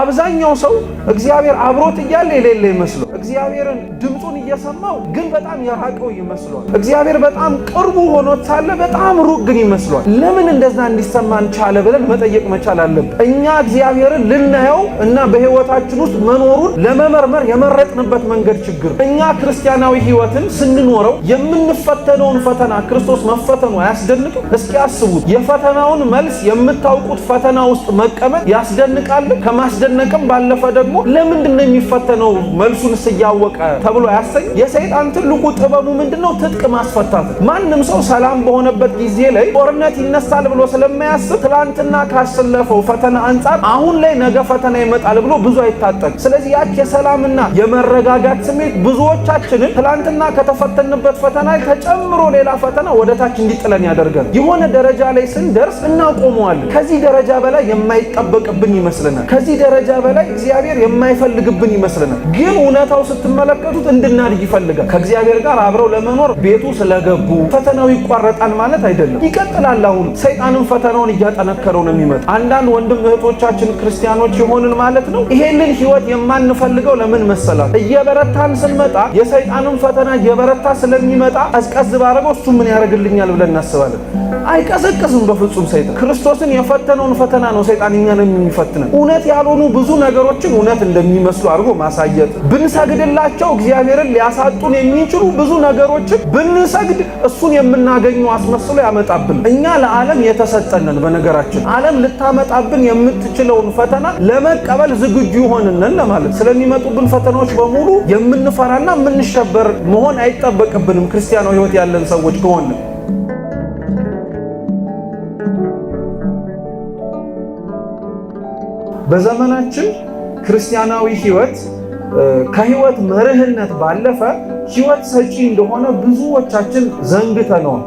አብዛኛው ሰው እግዚአብሔር አብሮት እያለ የሌለ ይመስለው እግዚአብሔርን ድምፁን እየሰማው ግን በጣም የራቀው ይመስሏል። እግዚአብሔር በጣም ቅርቡ ሆኖ ሳለ በጣም ሩቅ ግን ይመስሏል። ለምን እንደዛ እንዲሰማን ቻለ ብለን መጠየቅ መቻል አለብን። እኛ እግዚአብሔርን ልናየው እና በሕይወታችን ውስጥ መኖሩን ለመመርመር የመረጥንበት መንገድ ችግር። እኛ ክርስቲያናዊ ሕይወትን ስንኖረው የምንፈተነውን ፈተና ክርስቶስ መፈተኑ አያስደንቅም? እስኪ አስቡት። የፈተናውን መልስ የምታውቁት ፈተና ውስጥ መቀመጥ ያስደንቃል ከማስ አይዘነቅም። ባለፈ ደግሞ ለምንድን ነው የሚፈተነው መልሱን እያወቀ ተብሎ ያሰኝ። የሰይጣን ትልቁ ጥበቡ ምንድን ነው? ትጥቅ ማስፈታት። ማንም ሰው ሰላም በሆነበት ጊዜ ላይ ጦርነት ይነሳል ብሎ ስለማያስብ ትላንትና ካሰለፈው ፈተና አንጻር አሁን ላይ ነገ ፈተና ይመጣል ብሎ ብዙ አይታጠቅም። ስለዚህ ያች የሰላምና የመረጋጋት ስሜት ብዙዎቻችንን ትላንትና ከተፈተንበት ፈተና ተጨምሮ ሌላ ፈተና ወደታች እንዲጥለን ያደርገን። የሆነ ደረጃ ላይ ስንደርስ እናቆመዋለን። ከዚህ ደረጃ በላይ የማይጠበቅብን ይመስለናል። ከዚህ ደረጃ በላይ እግዚአብሔር የማይፈልግብን ይመስልናል። ግን እውነታው ስትመለከቱት እንድናድግ ይፈልጋል። ከእግዚአብሔር ጋር አብረው ለመኖር ቤቱ ስለገቡ ፈተናው ይቋረጣል ማለት አይደለም፣ ይቀጥላል። አሁን ሰይጣንም ፈተናውን እያጠነከረው ነው የሚመጣ። አንዳንድ ወንድም እህቶቻችን ክርስቲያኖች የሆንን ማለት ነው ይሄንን ህይወት የማንፈልገው ለምን መሰላት? እየበረታን ስንመጣ የሰይጣንም ፈተና እየበረታ ስለሚመጣ ቀዝቀዝ ባረገው እሱ ምን ያደርግልኛል ብለን እናስባለን። አይቀሰቅስም በፍጹም ሰይጣን። ክርስቶስን የፈተነውን ፈተና ነው ሰይጣን እኛንም የሚፈትነን። እውነት ያልሆኑ ብዙ ነገሮችን እውነት እንደሚመስሉ አድርጎ ማሳየት፣ ብንሰግድላቸው እግዚአብሔርን ሊያሳጡን የሚችሉ ብዙ ነገሮችን ብንሰግድ እሱን የምናገኘው አስመስሎ ያመጣብን። እኛ ለዓለም የተሰጠንን በነገራችን ዓለም ልታመጣብን የምትችለውን ፈተና ለመቀበል ዝግጁ ይሆንነን ለማለት ስለሚመጡብን ፈተናዎች በሙሉ የምንፈራና የምንሸበር መሆን አይጠበቅብንም። ክርስቲያናዊ ህይወት ያለን ሰዎች ከሆንም በዘመናችን ክርስቲያናዊ ህይወት ከህይወት መርህነት ባለፈ ህይወት ሰጪ እንደሆነ ብዙዎቻችን ዘንግተነዋል።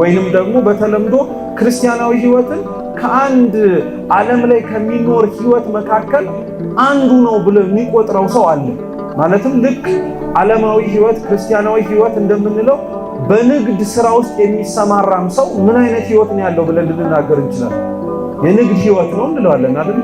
ወይንም ደግሞ በተለምዶ ክርስቲያናዊ ህይወትን ከአንድ ዓለም ላይ ከሚኖር ህይወት መካከል አንዱ ነው ብሎ የሚቆጥረው ሰው አለ። ማለትም ልክ ዓለማዊ ህይወት ክርስቲያናዊ ህይወት እንደምንለው በንግድ ስራ ውስጥ የሚሰማራም ሰው ምን አይነት ህይወት ነው ያለው ብለን ልንናገር እንችላለን። የንግድ ህይወት ነው እንለዋለን አይደል?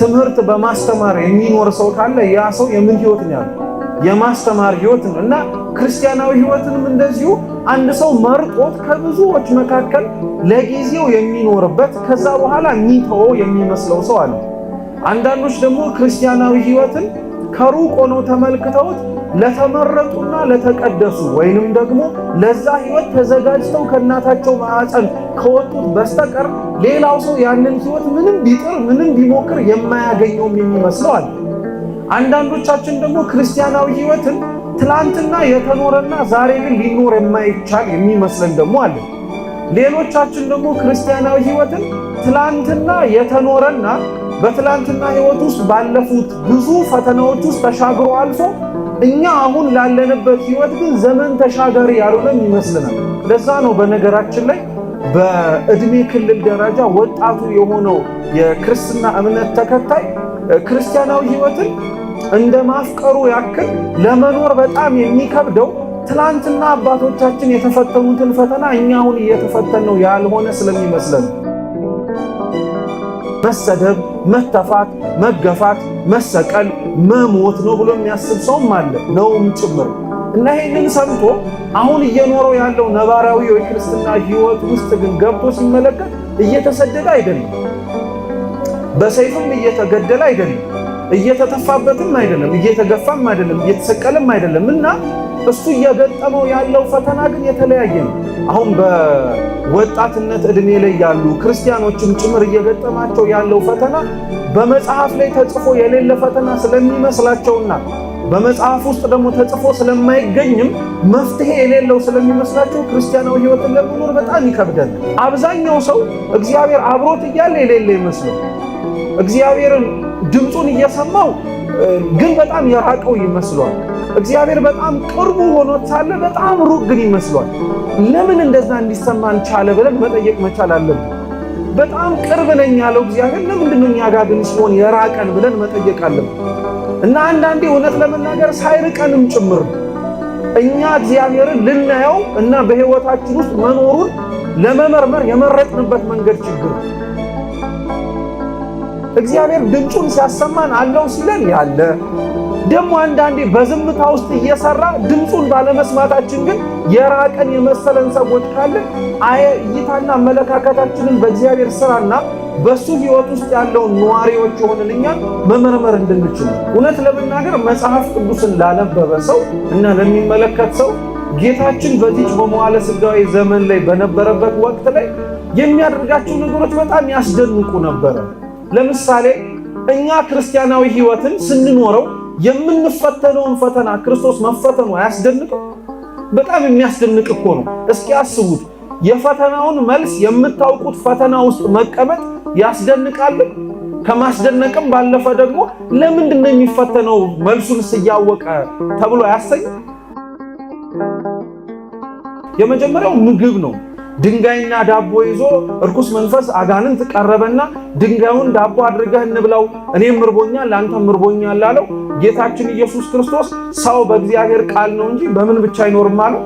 ትምህርት በማስተማር የሚኖር ሰው ካለ ያ ሰው የምን ህይወት ነው ያለው? የማስተማር ህይወት ነው። እና ክርስቲያናዊ ህይወትንም እንደዚሁ አንድ ሰው መርጦት ከብዙዎች መካከል ለጊዜው የሚኖርበት ከዛ በኋላ ሚተው የሚመስለው ሰው አለ። አንዳንዶች ደግሞ ክርስቲያናዊ ህይወትን ከሩቅ ሆነው ተመልክተውት ለተመረጡና ለተቀደሱ ወይንም ደግሞ ለዛ ህይወት ተዘጋጅተው ከእናታቸው ማዕፀን ከወጡት በስተቀር ሌላው ሰው ያንን ህይወት ምንም ቢጥር ምንም ቢሞክር የማያገኘውም የሚመስለው አለ። አንዳንዶቻችን ደግሞ ክርስቲያናዊ ህይወትን ትላንትና የተኖረና ዛሬ ግን ሊኖር የማይቻል የሚመስለን ደግሞ አለ። ሌሎቻችን ደግሞ ክርስቲያናዊ ህይወትን ትላንትና የተኖረና በትላንትና ህይወት ውስጥ ባለፉት ብዙ ፈተናዎች ውስጥ ተሻግሮ አልፎ እኛ አሁን ላለንበት ህይወት ግን ዘመን ተሻጋሪ ያልሆነ ይመስልናል። ለዛ ነው በነገራችን ላይ በእድሜ ክልል ደረጃ ወጣቱ የሆነው የክርስትና እምነት ተከታይ ክርስቲያናዊ ህይወትን እንደ ማፍቀሩ ያክል ለመኖር በጣም የሚከብደው ትናንትና አባቶቻችን የተፈተኑትን ፈተና እኛ አሁን እየተፈተን ነው ያልሆነ ስለሚመስለን መሰደብ፣ መተፋት፣ መገፋት መሰቀል መሞት ነው ብሎ የሚያስብ ሰውም አለ ነውም ጭምር እና ይህንን ሰምቶ አሁን እየኖረው ያለው ነባራዊ የክርስትና ህይወት ውስጥ ግን ገብቶ ሲመለከት እየተሰደደ አይደለም፣ በሰይፍም እየተገደለ አይደለም፣ እየተተፋበትም አይደለም፣ እየተገፋም አይደለም፣ እየተሰቀለም አይደለም እና እሱ እየገጠመው ያለው ፈተና ግን የተለያየ ነው። አሁን በወጣትነት እድሜ ላይ ያሉ ክርስቲያኖችም ጭምር እየገጠማቸው ያለው ፈተና በመጽሐፍ ላይ ተጽፎ የሌለ ፈተና ስለሚመስላቸውና በመጽሐፍ ውስጥ ደግሞ ተጽፎ ስለማይገኝም መፍትሄ የሌለው ስለሚመስላቸው ክርስቲያናዊ ሕይወትን ለመኖር በጣም ይከብዳል። አብዛኛው ሰው እግዚአብሔር አብሮት እያለ የሌለ ይመስለው እግዚአብሔርን ድምፁን እየሰማው ግን በጣም የራቀው ይመስሏል። እግዚአብሔር በጣም ቅርቡ ሆኖ ሳለ በጣም ሩቅ ግን ይመስሏል። ለምን እንደዛ እንዲሰማን ቻለ ብለን መጠየቅ መቻል አለብን። በጣም ቅርብ ነኝ ያለው እግዚአብሔር ለምንድን ነው እኛ ጋር ግን ሲሆን የራቀን ብለን መጠየቅ አለብን። እና አንዳንዴ እውነት ለመናገር ሳይርቀንም ጭምር እኛ እግዚአብሔርን ልናየው እና በሕይወታችን ውስጥ መኖሩን ለመመርመር የመረጥንበት መንገድ ችግር እግዚአብሔር ድምፁን ሲያሰማን አለው ሲለን ያለ ደግሞ አንዳንዴ በዝምታ ውስጥ እየሰራ ድምፁን ባለመስማታችን ግን የራቀን የመሰለን ሰዎች ካለን እይታና አመለካከታችንን በእግዚአብሔር ስራና በሱ ህይወት ውስጥ ያለውን ነዋሪዎች የሆንን እኛ መመርመር እንድንችል እውነት ለመናገር መጽሐፍ ቅዱስን ላነበበ ሰው እና ለሚመለከት ሰው ጌታችን በዚች በመዋለ ስጋዊ ዘመን ላይ በነበረበት ወቅት ላይ የሚያደርጋቸው ነገሮች በጣም ያስደንቁ ነበረ። ለምሳሌ እኛ ክርስቲያናዊ ህይወትን ስንኖረው የምንፈተነውን ፈተና ክርስቶስ መፈተኑ አያስደንቅም? በጣም የሚያስደንቅ እኮ ነው። እስኪ አስቡት። የፈተናውን መልስ የምታውቁት ፈተና ውስጥ መቀመጥ ያስደንቃል። ከማስደነቅም ባለፈ ደግሞ ለምንድን ነው የሚፈተነው መልሱን እያወቀ ተብሎ አያሰኝም? የመጀመሪያው ምግብ ነው። ድንጋይና ዳቦ ይዞ እርኩስ መንፈስ አጋንንት ቀረበና ድንጋዩን ዳቦ አድርገህ እንብላው፣ እኔም እርቦኛል ለአንተም እርቦኛል አለው። ጌታችን ኢየሱስ ክርስቶስ ሰው በእግዚአብሔር ቃል ነው እንጂ በምን ብቻ አይኖርም አለው።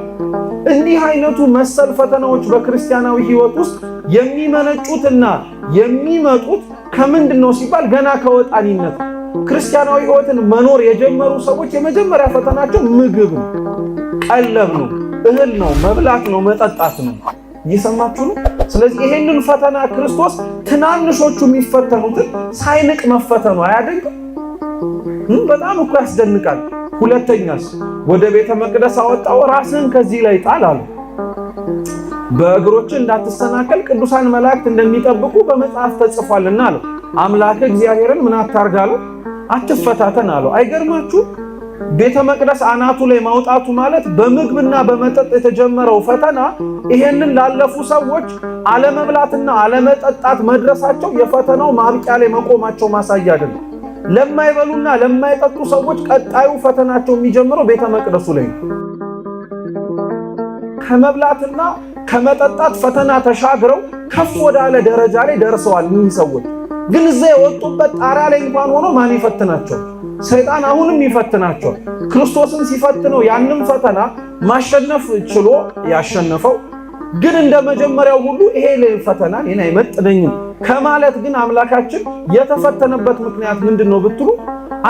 እንዲህ አይነቱ መሰል ፈተናዎች በክርስቲያናዊ ሕይወት ውስጥ የሚመነጩትና የሚመጡት ከምንድን ነው ሲባል ገና ከወጣኒነት ክርስቲያናዊ ሕይወትን መኖር የጀመሩ ሰዎች የመጀመሪያ ፈተናቸው ምግብ ነው፣ ቀለብ ነው፣ እህል ነው፣ መብላት ነው፣ መጠጣት ነው። እየሰማችሁ ነው። ስለዚህ ይሄንን ፈተና ክርስቶስ ትናንሾቹ የሚፈተኑትን ሳይንቅ መፈተኑ አያደንቅም? በጣም እኮ ያስደንቃል። ሁለተኛስ ወደ ቤተ መቅደስ አወጣው፣ ራስን ከዚህ ላይ ጣል አሉ። በእግሮች እንዳትሰናከል ቅዱሳን መላእክት እንደሚጠብቁ በመጽሐፍ ተጽፏልና አለው። አምላክ እግዚአብሔርን ምን አታርጋለሁ፣ አትፈታተን አለው። አይገርማችሁ ቤተ መቅደስ አናቱ ላይ ማውጣቱ ማለት በምግብና በመጠጥ የተጀመረው ፈተና ይሄንን ላለፉ ሰዎች አለመብላትና አለመጠጣት መድረሳቸው የፈተናው ማብቂያ ላይ መቆማቸው ማሳያ አይደለም። ለማይበሉና ለማይጠጡ ሰዎች ቀጣዩ ፈተናቸው የሚጀምረው ቤተ መቅደሱ ላይ ነው። ከመብላትና ከመጠጣት ፈተና ተሻግረው ከፍ ወዳለ ደረጃ ላይ ደርሰዋል። እኒህ ሰዎች ግን እዛ የወጡበት ጣሪያ ላይ እንኳን ሆኖ ማን ይፈትናቸው? ሰይጣን አሁንም ይፈትናቸዋል። ክርስቶስን ሲፈትነው ያንም ፈተና ማሸነፍ ችሎ ያሸነፈው ግን እንደ መጀመሪያው ሁሉ ይሄ ፈተና እኔን አይመጥነኝም ከማለት ግን አምላካችን የተፈተነበት ምክንያት ምንድን ነው ብትሉ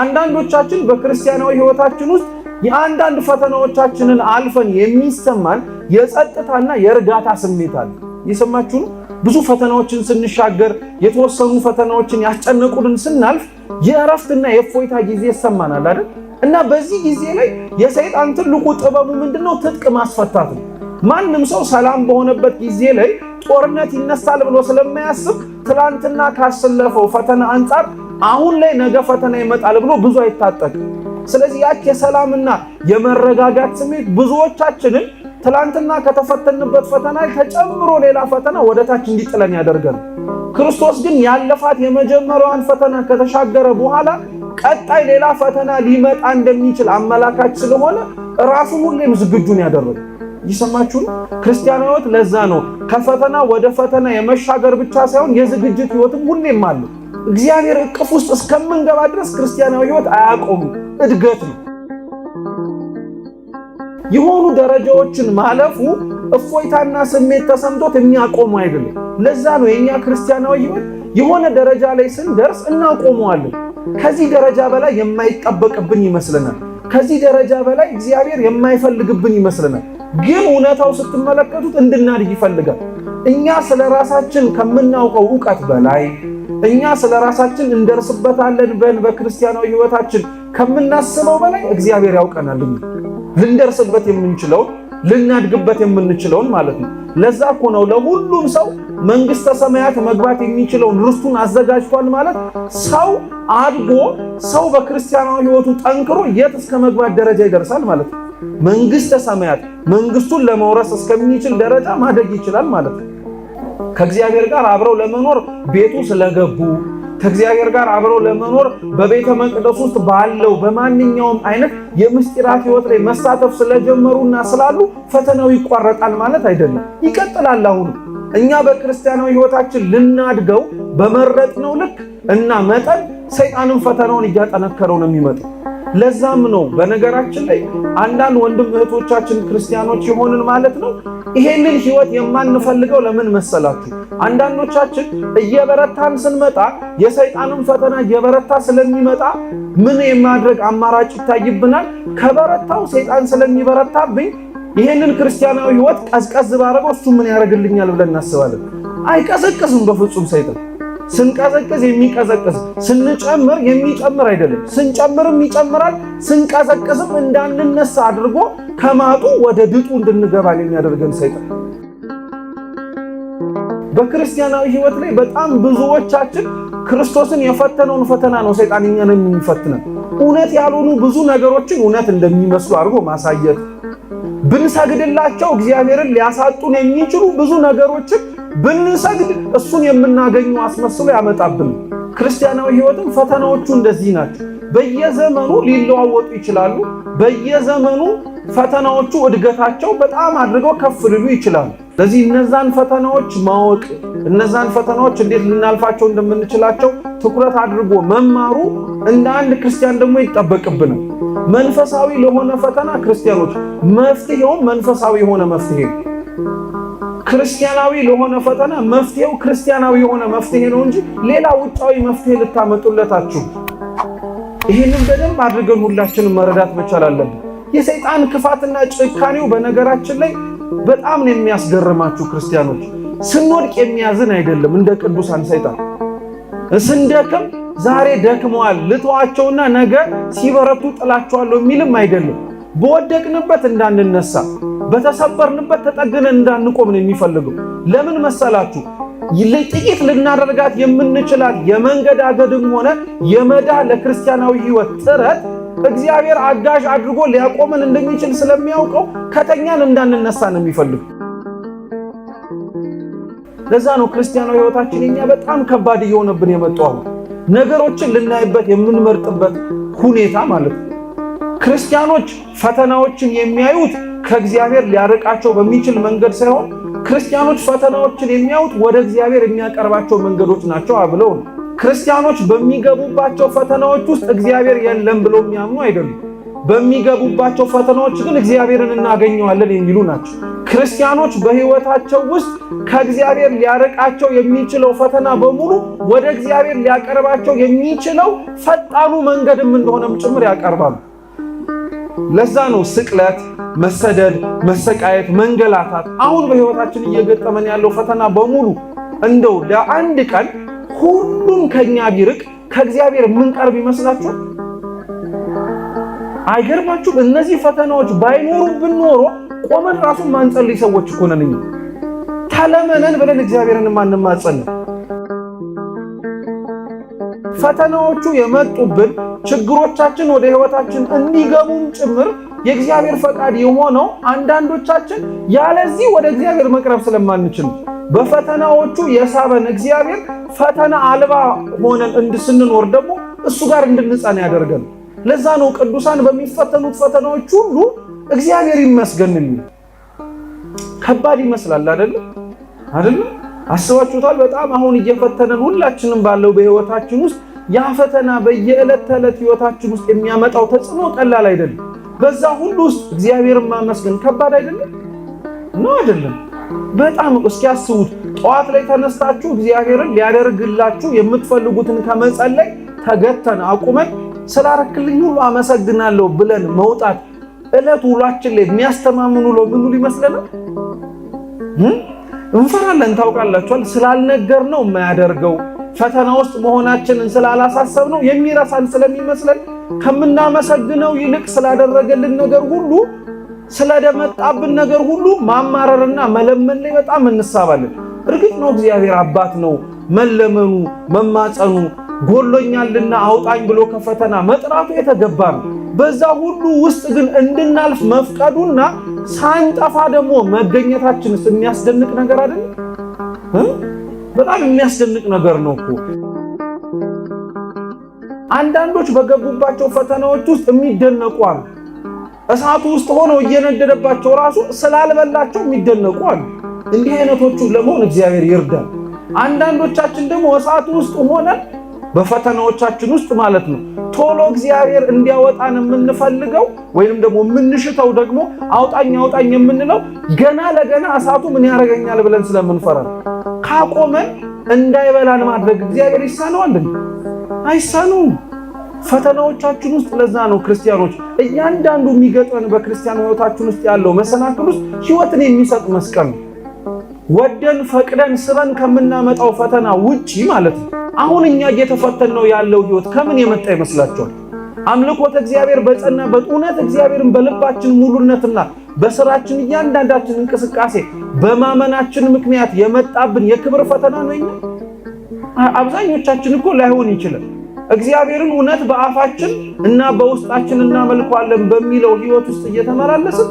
አንዳንዶቻችን በክርስቲያናዊ ሕይወታችን ውስጥ የአንዳንድ ፈተናዎቻችንን አልፈን የሚሰማን የጸጥታና የእርጋታ ስሜት አለ። የሰማችሁ ነው። ብዙ ፈተናዎችን ስንሻገር የተወሰኑ ፈተናዎችን ያስጨነቁልን ስናልፍ የእረፍትና የእፎይታ ጊዜ ይሰማናል አይደል? እና በዚህ ጊዜ ላይ የሰይጣን ትልቁ ጥበቡ ምንድነው? ትጥቅ ማስፈታት ነው። ማንም ሰው ሰላም በሆነበት ጊዜ ላይ ጦርነት ይነሳል ብሎ ስለማያስብ ትላንትና ካሰለፈው ፈተና አንጻር አሁን ላይ ነገ ፈተና ይመጣል ብሎ ብዙ አይታጠቅም። ስለዚህ ያች የሰላምና የመረጋጋት ስሜት ብዙዎቻችንን ትላንትና ከተፈተንበት ፈተና ተጨምሮ ሌላ ፈተና ወደታች እንዲጥለን ያደርገን። ክርስቶስ ግን ያለፋት የመጀመሪያዋን ፈተና ከተሻገረ በኋላ ቀጣይ ሌላ ፈተና ሊመጣ እንደሚችል አመላካች ስለሆነ ራሱ ሁሌም ዝግጁን ያደረገ ይሰማችሁ። ክርስቲያናዊት ለዛ ነው ከፈተና ወደ ፈተና የመሻገር ብቻ ሳይሆን የዝግጅት ህይወትም ሁሌም አለ። እግዚአብሔር እቅፍ ውስጥ እስከምንገባ ድረስ ክርስቲያናዊ ህይወት አያቆምም፣ እድገት ነው። የሆኑ ደረጃዎችን ማለፉ እፎይታና ስሜት ተሰምቶት የሚያቆሙ አይደለም። ለዛ ነው የእኛ ክርስቲያናዊ ሕይወት የሆነ ደረጃ ላይ ስንደርስ እናቆመዋለን። ከዚህ ደረጃ በላይ የማይጠበቅብን ይመስለናል። ከዚህ ደረጃ በላይ እግዚአብሔር የማይፈልግብን ይመስለናል። ግን እውነታው ስትመለከቱት እንድናድግ ይፈልጋል። እኛ ስለ ራሳችን ከምናውቀው እውቀት በላይ እኛ ስለ ራሳችን እንደርስበታለን ብለን በክርስቲያናዊ ህይወታችን ከምናስበው በላይ እግዚአብሔር ያውቀናል። ልንደርስበት የምንችለው ልናድግበት የምንችለውን ማለት ነው። ለዛ እኮ ነው ለሁሉም ሰው መንግስተ ሰማያት መግባት የሚችለውን ርስቱን አዘጋጅቷል ማለት ሰው አድጎ ሰው በክርስቲያናዊ ህይወቱ ጠንክሮ የት እስከ መግባት ደረጃ ይደርሳል ማለት ነው። መንግስተ ሰማያት መንግስቱን ለመውረስ እስከሚችል ደረጃ ማደግ ይችላል ማለት ነው። ከእግዚአብሔር ጋር አብረው ለመኖር ቤቱ ስለገቡ ከእግዚአብሔር ጋር አብሮ ለመኖር በቤተ መቅደስ ውስጥ ባለው በማንኛውም አይነት የምስጢራት ህይወት ላይ መሳተፍ ስለጀመሩና ስላሉ ፈተናው ይቋረጣል ማለት አይደለም፣ ይቀጥላል። አሁኑ እኛ በክርስቲያናዊ ህይወታችን ልናድገው በመረጥነው ልክ እና መጠን ሰይጣንም ፈተናውን እያጠነከረው ነው የሚመጣው። ለዛም ነው በነገራችን ላይ አንዳንድ ወንድም እህቶቻችን ክርስቲያኖች የሆንን ማለት ነው ይሄንን ህይወት የማንፈልገው ለምን መሰላችሁ? አንዳንዶቻችን እየበረታን ስንመጣ የሰይጣንን ፈተና እየበረታ ስለሚመጣ ምን የማድረግ አማራጭ ይታይብናል። ከበረታው ሰይጣን ስለሚበረታብኝ ይሄንን ክርስቲያናዊ ህይወት ቀዝቀዝ ባረገው እሱ ምን ያደርግልኛል ብለን እናስባለን። አይቀዘቅዝም በፍጹም ሰይጣን ስንቀዘቅዝ የሚቀዘቅዝ ስንጨምር የሚጨምር አይደለም፣ ስንጨምርም ይጨምራል፣ ስንቀዘቅዝም እንዳንነሳ አድርጎ ከማጡ ወደ ድጡ እንድንገባን የሚያደርገን ሰይጣን። በክርስቲያናዊ ሕይወት ላይ በጣም ብዙዎቻችን ክርስቶስን የፈተነውን ፈተና ነው ሰይጣን እኛን የሚፈትነን። እውነት ያልሆኑ ብዙ ነገሮችን እውነት እንደሚመስሉ አድርጎ ማሳየት፣ ብንሰግድላቸው እግዚአብሔርን ሊያሳጡን የሚችሉ ብዙ ነገሮችን ብንሰግድ እሱን የምናገኙ አስመስሎ ያመጣብን። ክርስቲያናዊ ህይወትም ፈተናዎቹ እንደዚህ ናቸው። በየዘመኑ ሊለዋወጡ ይችላሉ። በየዘመኑ ፈተናዎቹ እድገታቸው በጣም አድርገው ከፍ ሊሉ ይችላሉ። ስለዚህ እነዛን ፈተናዎች ማወቅ፣ እነዛን ፈተናዎች እንዴት ልናልፋቸው እንደምንችላቸው ትኩረት አድርጎ መማሩ እንደ አንድ ክርስቲያን ደግሞ ይጠበቅብናል። መንፈሳዊ ለሆነ ፈተና ክርስቲያኖች መፍትሄውም መንፈሳዊ የሆነ መፍትሄ ነው። ክርስቲያናዊ ለሆነ ፈተና መፍትሄው ክርስቲያናዊ የሆነ መፍትሄ ነው እንጂ ሌላ ውጫዊ መፍትሄ ልታመጡለታችሁ። ይህንም በደንብ አድርገን ሁላችንም መረዳት መቻል አለብን። የሰይጣን ክፋትና ጭካኔው በነገራችን ላይ በጣም ነው የሚያስገርማችሁ ክርስቲያኖች። ስንወድቅ የሚያዝን አይደለም እንደ ቅዱሳን ሰይጣን። ስንደክም ዛሬ ደክመዋል ልተዋቸውና ነገ ሲበረቱ ጥላቸዋለሁ የሚልም አይደለም። በወደቅንበት እንዳንነሳ፣ በተሰበርንበት ተጠግነን እንዳንቆም ነው የሚፈልገው። ለምን መሰላችሁ? ጥቂት ልናደርጋት የምንችላት አገድም ሆነ የመዳ ለክርስቲያናዊ ህይወት ጥረት እግዚአብሔር አጋዥ አድርጎ ሊያቆመን እንደሚችል ስለሚያውቀው ከተኛን እንዳንነሳ ነው የሚፈልገው። ለዛ ነው ክርስቲያናዊ ህይወታችን እኛ በጣም ከባድ እየሆነብን የመጣው ነገሮችን ልናይበት የምንመርጥበት ሁኔታ ማለት ነው። ክርስቲያኖች ፈተናዎችን የሚያዩት ከእግዚአብሔር ሊያርቃቸው በሚችል መንገድ ሳይሆን ክርስቲያኖች ፈተናዎችን የሚያዩት ወደ እግዚአብሔር የሚያቀርባቸው መንገዶች ናቸው ብለው ነው። ክርስቲያኖች በሚገቡባቸው ፈተናዎች ውስጥ እግዚአብሔር የለም ብለው የሚያምኑ አይደሉም። በሚገቡባቸው ፈተናዎች ግን እግዚአብሔርን እናገኘዋለን የሚሉ ናቸው። ክርስቲያኖች በሕይወታቸው ውስጥ ከእግዚአብሔር ሊያርቃቸው የሚችለው ፈተና በሙሉ ወደ እግዚአብሔር ሊያቀርባቸው የሚችለው ፈጣኑ መንገድም እንደሆነም ጭምር ያቀርባሉ። ለዛ ነው ስቅለት፣ መሰደድ፣ መሰቃየት፣ መንገላታት አሁን በህይወታችን እየገጠመን ያለው ፈተና በሙሉ እንደው ለአንድ ቀን ሁሉም ከኛ ቢርቅ ከእግዚአብሔር የምንቀርብ ይመስላችሁ? አይገርማችሁም? እነዚህ ፈተናዎች ባይኖሩብን ኖሮ ቆመን ራሱን ማንጸልይ ሰዎች እኮ ነን። ተለመነን ብለን እግዚአብሔርን ማንማጸን ፈተናዎቹ የመጡብን ችግሮቻችን ወደ ህይወታችን እንዲገቡም ጭምር የእግዚአብሔር ፈቃድ የሆነው አንዳንዶቻችን ያለዚህ ወደ እግዚአብሔር መቅረብ ስለማንችል በፈተናዎቹ የሳበን እግዚአብሔር ፈተና አልባ ሆነን እንድስንኖር ደግሞ እሱ ጋር እንድንጸን ያደርገን። ለዛ ነው ቅዱሳን በሚፈተኑት ፈተናዎች ሁሉ እግዚአብሔር ይመስገንልኝ። ከባድ ይመስላል አደለም? አደለም? አስባችሁታል? በጣም አሁን እየፈተነን ሁላችንም ባለው በህይወታችን ውስጥ ያ ፈተና በየዕለት ተዕለት ህይወታችን ውስጥ የሚያመጣው ተጽዕኖ ቀላል አይደለም። በዛ ሁሉ ውስጥ እግዚአብሔርን ማመስገን ከባድ አይደለም ነው አይደለም? በጣም እስኪያስቡት ጠዋት ላይ ተነስታችሁ እግዚአብሔርን ሊያደርግላችሁ የምትፈልጉትን ከመጸለይ ተገተን አቁመን ስላረክልኝ ሁሉ አመሰግናለሁ ብለን መውጣት ዕለት ውሏችን ላይ የሚያስተማምን ውሎ ምን ይመስለናል? እንፈራለን። ታውቃላችኋል፣ ስላልነገር ነው የማያደርገው ፈተና ውስጥ መሆናችንን ስላላሳሰብ ነው የሚረሳን ስለሚመስለን ከምናመሰግነው ይልቅ ስላደረገልን ነገር ሁሉ ስለደመጣብን ነገር ሁሉ ማማረርና መለመን ላይ በጣም እንሳባለን። እርግጥ ነው እግዚአብሔር አባት ነው። መለመኑ መማፀኑ ጎሎኛልና አውጣኝ ብሎ ከፈተና መጥራቱ የተገባ ነው። በዛ ሁሉ ውስጥ ግን እንድናልፍ መፍቀዱና ሳንጠፋ ደግሞ መገኘታችንስ የሚያስደንቅ ነገር አይደል? በጣም የሚያስደንቅ ነገር ነው እኮ። አንዳንዶች በገቡባቸው ፈተናዎች ውስጥ የሚደነቁ አሉ። እሳቱ ውስጥ ሆነው እየነደደባቸው ራሱ ስላልበላቸው የሚደነቁ አሉ። እንዲህ አይነቶቹ ለመሆን እግዚአብሔር ይርዳል። አንዳንዶቻችን ደግሞ እሳቱ ውስጥ ሆነን በፈተናዎቻችን ውስጥ ማለት ነው። ቶሎ እግዚአብሔር እንዲያወጣን የምንፈልገው ወይንም ደግሞ የምንሽተው ደግሞ አውጣኝ አውጣኝ የምንለው ገና ለገና እሳቱ ምን ያደርገኛል ብለን ስለምንፈራ ካቆመን እንዳይበላን ማድረግ እግዚአብሔር ይሳነዋል? አይሳነውም። ፈተናዎቻችን ውስጥ ለዛ ነው ክርስቲያኖች፣ እያንዳንዱ የሚገጥመን በክርስቲያን ህይወታችን ውስጥ ያለው መሰናክል ውስጥ ህይወትን የሚሰጥ መስቀል ነው። ወደን ፈቅደን ስበን ከምናመጣው ፈተና ውጪ ማለት ነው። አሁን እኛ እየተፈተን ነው ያለው ህይወት ከምን የመጣ ይመስላችኋል? አምልኮተ እግዚአብሔር በጸና በእውነት እግዚአብሔርን በልባችን ሙሉነትና በስራችን እያንዳንዳችን እንቅስቃሴ በማመናችን ምክንያት የመጣብን የክብር ፈተና ነው። አብዛኞቻችን እኮ ላይሆን ይችላል። እግዚአብሔርን እውነት በአፋችን እና በውስጣችን እናመልከዋለን በሚለው ህይወት ውስጥ እየተመላለስን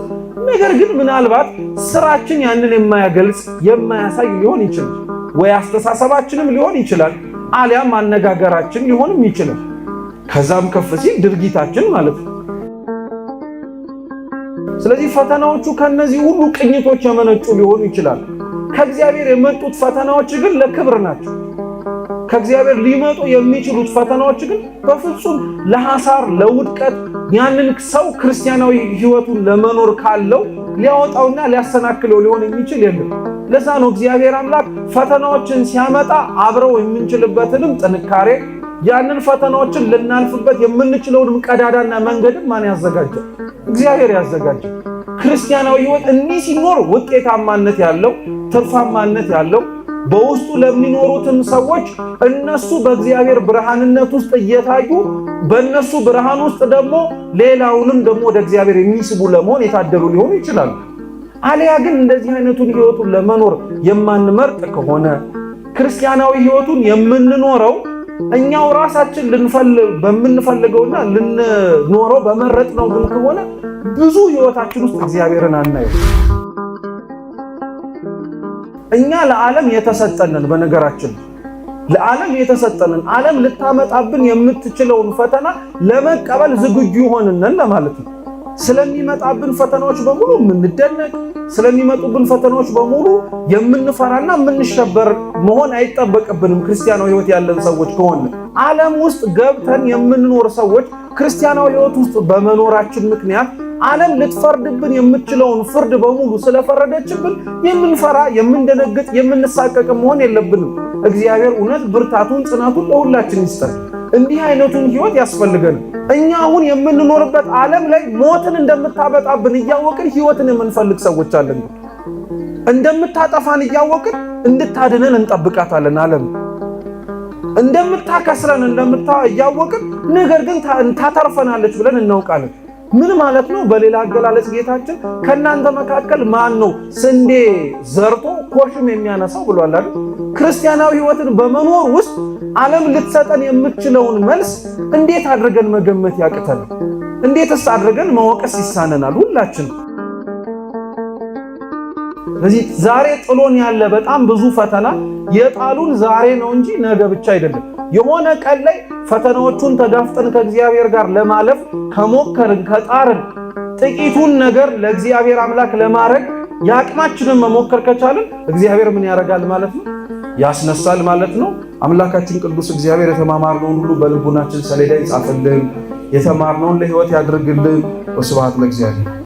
ነገር ግን ምናልባት ስራችን ያንን የማያገልጽ የማያሳይ ሊሆን ይችላል ወይ አስተሳሰባችንም ሊሆን ይችላል አሊያም አነጋገራችን ሊሆንም ይችላል። ከዛም ከፍ ሲል ድርጊታችን ማለት ነው። ስለዚህ ፈተናዎቹ ከነዚህ ሁሉ ቅኝቶች የመነጩ ሊሆኑ ይችላሉ። ከእግዚአብሔር የመጡት ፈተናዎች ግን ለክብር ናቸው። ከእግዚአብሔር ሊመጡ የሚችሉት ፈተናዎች ግን በፍጹም ለሐሳር፣ ለውድቀት ያንን ሰው ክርስቲያናዊ ሕይወቱን ለመኖር ካለው ሊያወጣውና ሊያሰናክለው ሊሆን የሚችል የለም። ለዛ ነው እግዚአብሔር አምላክ ፈተናዎችን ሲያመጣ አብረው የምንችልበትንም ጥንካሬ ያንን ፈተናዎችን ልናልፍበት የምንችለውንም ቀዳዳና መንገድም ማን ያዘጋጀው? እግዚአብሔር ያዘጋጀው። ክርስቲያናዊ ህይወት እኒህ ሲኖር ውጤታማነት ያለው ትርፋማነት ያለው በውስጡ ለሚኖሩትን ሰዎች እነሱ በእግዚአብሔር ብርሃንነት ውስጥ እየታዩ በእነሱ ብርሃን ውስጥ ደግሞ ሌላውንም ደግሞ ወደ እግዚአብሔር የሚስቡ ለመሆን የታደሉ ሊሆኑ ይችላሉ። አሊያ ግን እንደዚህ አይነቱን ህይወቱን ለመኖር የማንመርጥ ከሆነ ክርስቲያናዊ ህይወቱን የምንኖረው እኛው ራሳችን ልንፈልግ በምንፈልገውና ልንኖረው በመረጥ ነው ግን ከሆነ ብዙ ህይወታችን ውስጥ እግዚአብሔርን አናየው። እኛ ለዓለም የተሰጠንን በነገራችን ለዓለም የተሰጠንን ዓለም ልታመጣብን የምትችለውን ፈተና ለመቀበል ዝግጁ ይሆንነን ለማለት ነው። ስለሚመጣብን ፈተናዎች በሙሉ የምንደነቅ ስለሚመጡብን ፈተናዎች በሙሉ የምንፈራና የምንሸበር መሆን አይጠበቅብንም። ክርስቲያናዊ ሕይወት ያለን ሰዎች ከሆነ ዓለም ውስጥ ገብተን የምንኖር ሰዎች ክርስቲያናዊ ሕይወት ውስጥ በመኖራችን ምክንያት ዓለም ልትፈርድብን የምትችለውን ፍርድ በሙሉ ስለፈረደችብን የምንፈራ፣ የምንደነግጥ፣ የምንሳቀቅ መሆን የለብንም። እግዚአብሔር እውነት ብርታቱን ጽናቱን ለሁላችን ይስጠን። እንዲህ አይነቱን ህይወት ያስፈልገን። እኛ አሁን የምንኖርበት ዓለም ላይ ሞትን እንደምታበጣብን እያወቅን ህይወትን የምንፈልግ ሰዎች አለን። እንደምታጠፋን እያወቅን እንድታድነን እንጠብቃታለን ዓለም እንደምታከስረን እንደምታ እያወቅን ነገር ግን ታተርፈናለች ብለን እናውቃለን። ምን ማለት ነው? በሌላ አገላለጽ ጌታችን ከእናንተ መካከል ማን ነው ስንዴ ዘርቶ ኮሽም የሚያነሳው ብሏል አይደል? ክርስቲያናዊ ሕይወትን በመኖር ውስጥ ዓለም ልትሰጠን የምትችለውን መልስ እንዴት አድርገን መገመት ያቅተን? እንዴትስ አድርገን መወቀስ ይሳነናል? ሁላችን በዚህ ዛሬ ጥሎን ያለ በጣም ብዙ ፈተና የጣሉን ዛሬ ነው እንጂ ነገ ብቻ አይደለም። የሆነ ቀን ላይ ፈተናዎቹን ተጋፍጠን ከእግዚአብሔር ጋር ለማለፍ ከሞከርን ከጣርን ጥቂቱን ነገር ለእግዚአብሔር አምላክ ለማድረግ የአቅማችንን መሞከር ከቻልን እግዚአብሔር ምን ያደርጋል ማለት ነው? ያስነሳል ማለት ነው። አምላካችን ቅዱስ እግዚአብሔር የተማማርነውን ሁሉ በልቡናችን ሰሌዳ ይጻፍልን፣ የተማርነውን ለሕይወት ያድርግልን። ወስብሐት ለእግዚአብሔር።